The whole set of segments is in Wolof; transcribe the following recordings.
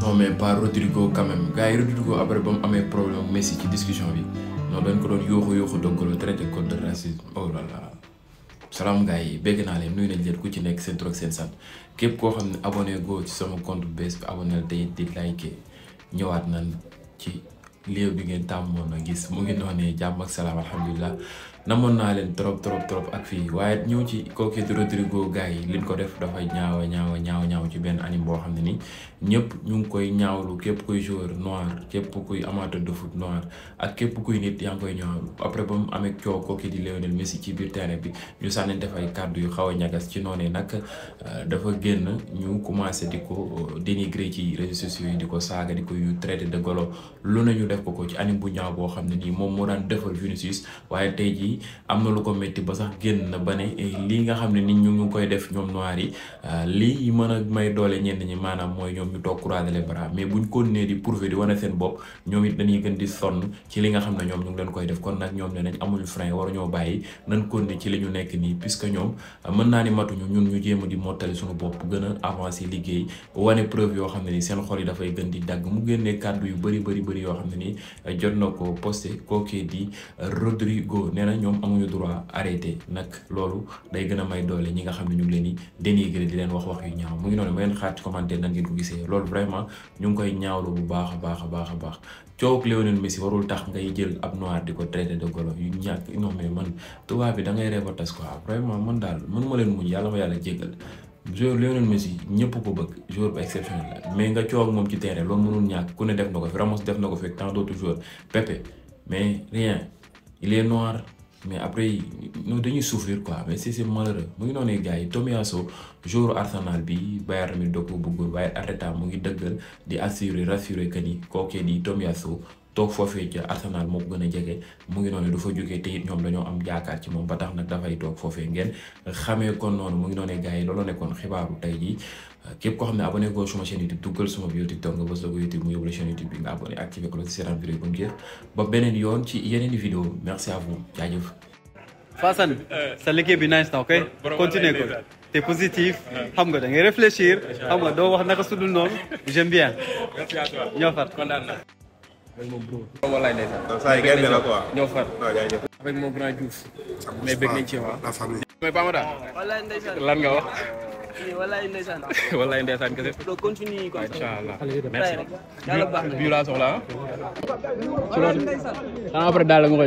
non mais par Rodrigo quand même gars yi Rodrigo après ba mu amee problème Messi ci discussion bi non dañ ko doon yooxu yooxu doggaloo traité code de racisme oh là là salaam gars yi bégg naa leen nuyu nañ leen ku ci nekk seen tur ak seen sant képp koo xam ne abonné goo ci sama compte bees bi abonné la tey di like ñëwaat na ci lieu bi ngeen tàmmoon a gis mu ngi noonee jàmm ak salaam alhamdulilah namoon naa leen trop trop trop ak fii waaye ñëw ci kooku di Rodrigo gars yi liñ ko def dafa ñaaw ñaaw ñaaw ñaaw ci benn anime boo xam ne ni ñëpp ñu ngi koy ñaawlu képp kuy jour noir képp kuy amateur de foot noir ak képp kuy nit yaa ngi koy ñaawlu après ba mu amee coow kooku di Lionel Messi ci biir terrain bi ñu sànni def ay kàddu yu xaw a ñagas ci noonu nag euh, dafa génn ñu commencé di ko euh, dénigrer ci réseaux sociaux yi di ko saaga di ko yu traité de golo lu ñu def ko ko ci anime bu ñaaw boo xam ne nii moom moo daan defal Vinicius waaye bi am na lu ko métti ba sax génn na ba ne eh, lii nga xam ne nit ñu ngi koy def ñoom noir yi ah, lii mën a may doole ñenn ñi maanaam mooy ñoom ñu toog croiser les bras mais buñ continuer di prouver di wane seen bopp ñoom it dañuy gën di sonn ci li nga xam ne ñoom ñu ngi leen koy def kon nag ñoom ne nañ amuñu frein waruñoo bàyyi nan continuer ci li ñu nekk nii puisque ñoom ah, mën naa ni matuñu ñun ñu jéem di mottale suñu bopp gën a avancer liggéey wane preuve yoo xam ne ni seen xol yi dafay gën di dagg mu génnee kàddu yu bëri bëri bëri yoo xam ne ni eh, jot na ko posté kookee di ah, Rodrigo ñoom amuñu droit arrêté nag loolu day gën a may doole ñi nga xam ne ñu ngi leen di dénigrer di leen wax wax yu ñaaw mu ngi noonu ma leen xaar ci commentaire ko gisee loolu vraiment a baax a baax a tax ngay jël ab noir di ko traité de golo yu mais bi da ngay reeba tas quoi vraiment man daal man ma leen muñ yàlla ma yàlla jéggal joueur Lionel Messi ñëpp ko bëgg joueur bu exceptionnel mais nga coow moom ci terrain loolu mënul ñàkk ku ne def na ko fi Ramos def na ko fi tant d'autres joueurs Pepe mais rien il noir mais après ñoo dañuy souffrir quoi mais c'est c'est malheureux mu ngi noonu gars yi Tomiyasu joueur Arsenal bi Bayern mi doo ko bëggul waaye mu ngi dëggal di assurer rassurer que ni kookee di Tomiyasu toog foofee ca Arsenal moo gën a jege mu noonu dafa jógee te it ñoom dañoo am jaakaar ci moom ba tax nag dafay toog foofee ngeen xamee kon noonu mu ngi noonu gars yi looloo nekkoon xibaaru tey jii képp xam ne abonné ko suma chaîne YouTube duggal suma bio TikTok mu yóbbu la chaîne YouTube bi nga abonné activé ko la ci seetaan vidéo bu ba beneen yoon ci yeneen i merci à vous jaajëf. Fassane eh, eh. sa liggéey bi nice na ok continue ko te positif eh. xam nga da ngay réfléchir xam nga doo wax naka sudul noonu avec mon la quoi ñëw far. avec mon grand Diouf. mais bëgg nañ ci waa. la famille. mais Bamada. walaay ndeysaan lan nga wax. walaay ndeysaan. walaay ndeysaan kese. donc continue comme ça. incha allah merci. yàlla baax na bii laa soxla ah. après daal la nga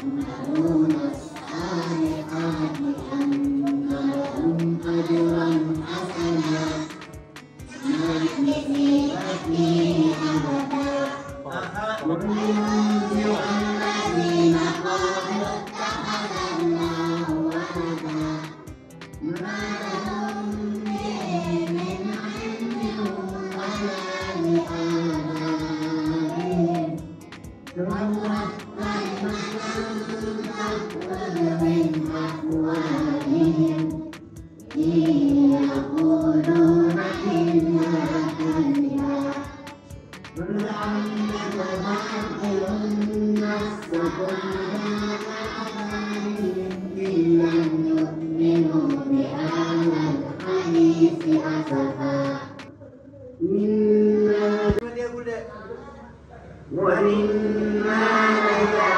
Thank you. نؤمن بهذا الحديث أسفا منا ولما نجعل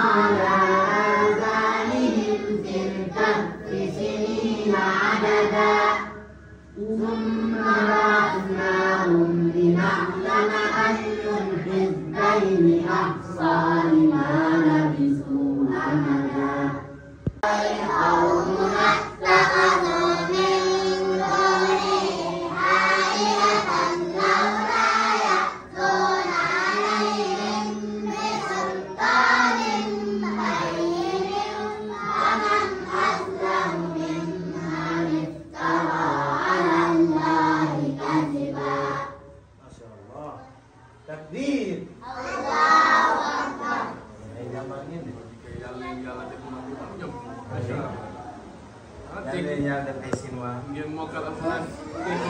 Bye. ak dégg ngeen yàlla def ay Sinois. ngeen mokkal alxuraan dégg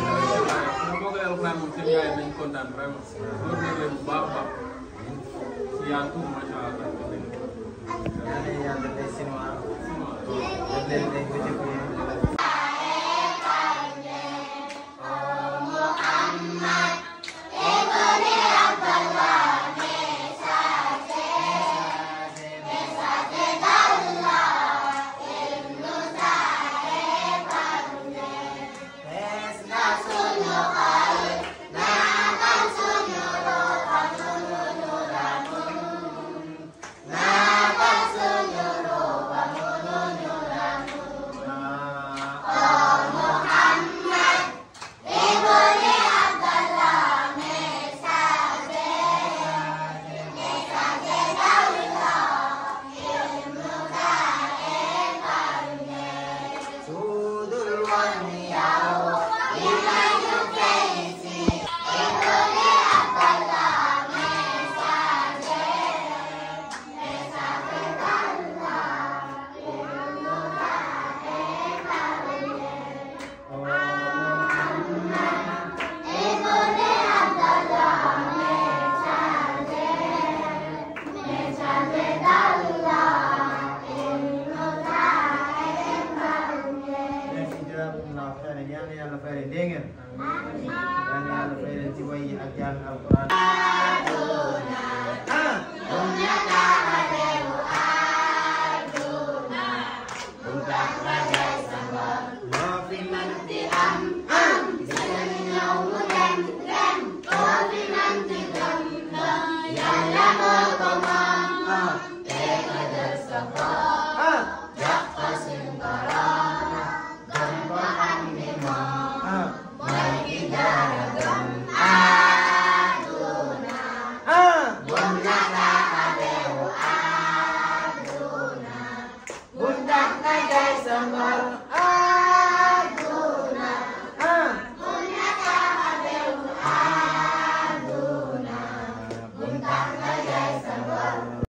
ngeen mokkal alxuraan moom seen yaay nañ kontaan vraiment. loolu la leen bu baax a baax. si yaa tur macha allah. yàlla yàlla def ay Sinois. def leen ay Thank you.